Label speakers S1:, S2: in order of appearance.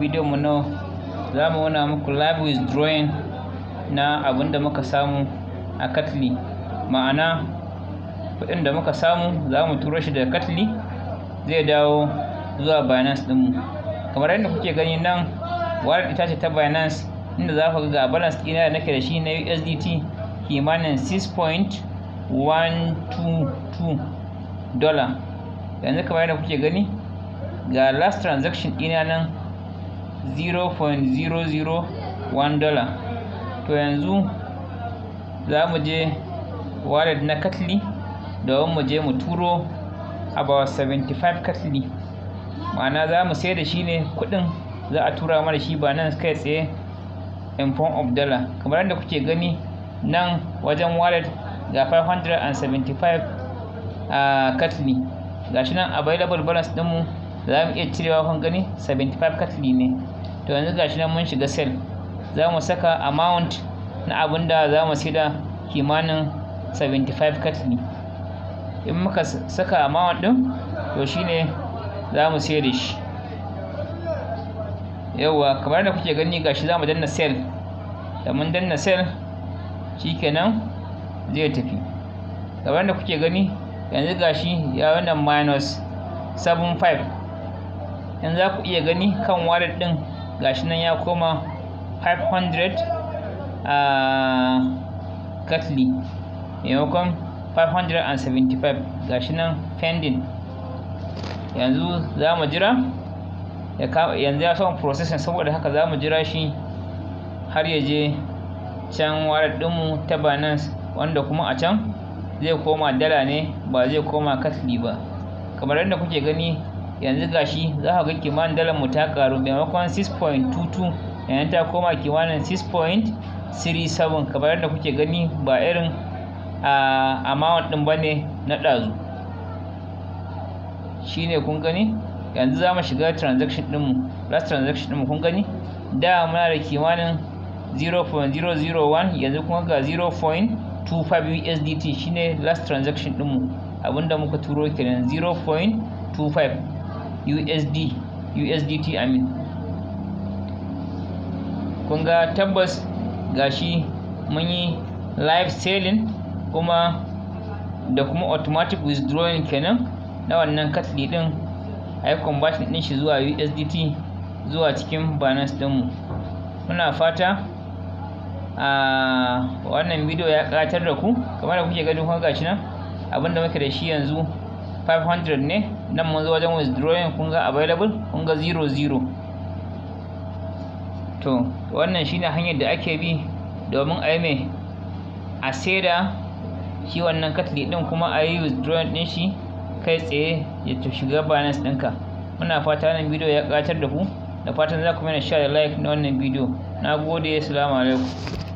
S1: video mu na za mu nuna muku live withdrawing na abin da muka samu a katli ma'ana kuɗin da muka samu za mu turo shi da katli zai dawo zuwa binance ɗinmu kamar yadda kuke gani nan wallet ita ce ta binance inda za ku ga balance ɗina da nake da shi na usdt kimanin 6.122 dollar yanzu kamar yadda kuke gani ga last transaction ɗina nan 0.001 dollar to yanzu za mu je wallet na katli domin mu je mu turo about 75 katli ma'ana za mu sai da shi ne kudin za a tura mana shi ba nan kai tsaye in form of dollar kamar yadda kuke gani nan wajen wallet ga 575 a katli gashi nan available balance dinmu za mu iya cirewa kun gani 75 katli ne to yanzu gashi nan mun shiga sell za mu saka amount na abin da za mu saida kimanin 75 kat ne in muka saka amount din to shine za mu sayar da shi yauwa kamar da kuke gani gashi za mu danna sell da mun danna sell shikenan zai tafi kamar da kuke gani yanzu gashi ya wannan minus 75 yanzu za ku iya gani kan wallet din gashi nan ya koma 500 a katli maimakon 575 gashi nan pending yanzu za mu jira yanzu ya samu processing saboda haka za mu jira shi har ya je can warar dinmu ta binance wanda kuma a can zai koma dala ne ba zai koma katli ba kamar yadda kuke gani yanzu gashi za ka ga kimanin dalar mu ta karu maimakon 6.22 yanzu ta koma kimanin 6.37 kamar yadda kuke gani ba irin a amount din bane na ɗazu shine kun gani yanzu za mu shiga transaction ɗinmu last transaction ɗinmu kun gani da muna da kimanin 0.001 yanzu kuma ga 0.25 USDT shine last transaction ɗinmu abinda muka turo kenan 0.25 USD USDT I mean kun ga tabbas gashi mun yi live selling kuma da kuma automatic withdrawing kenan na wannan katli din a yi conversion din shi zuwa USDT zuwa cikin banas ɗinmu muna fata a wannan bidiyo ya ƙatar da ku kamar da kuke ganin kuma gashi nan abinda muke da shi yanzu 500 ne nan mun zo wajen withdrawing kun ga available kun ga 00 to wannan shine hanyar da ake bi domin a yi mai a saida shi wannan katli din kuma a yi withdrawing din shi kai tsaye ya shiga balance ɗinka muna fata wannan bidiyo ya ƙatar da ku da fatan za ku mana share da like na wannan bidiyo na gode salamu alaikum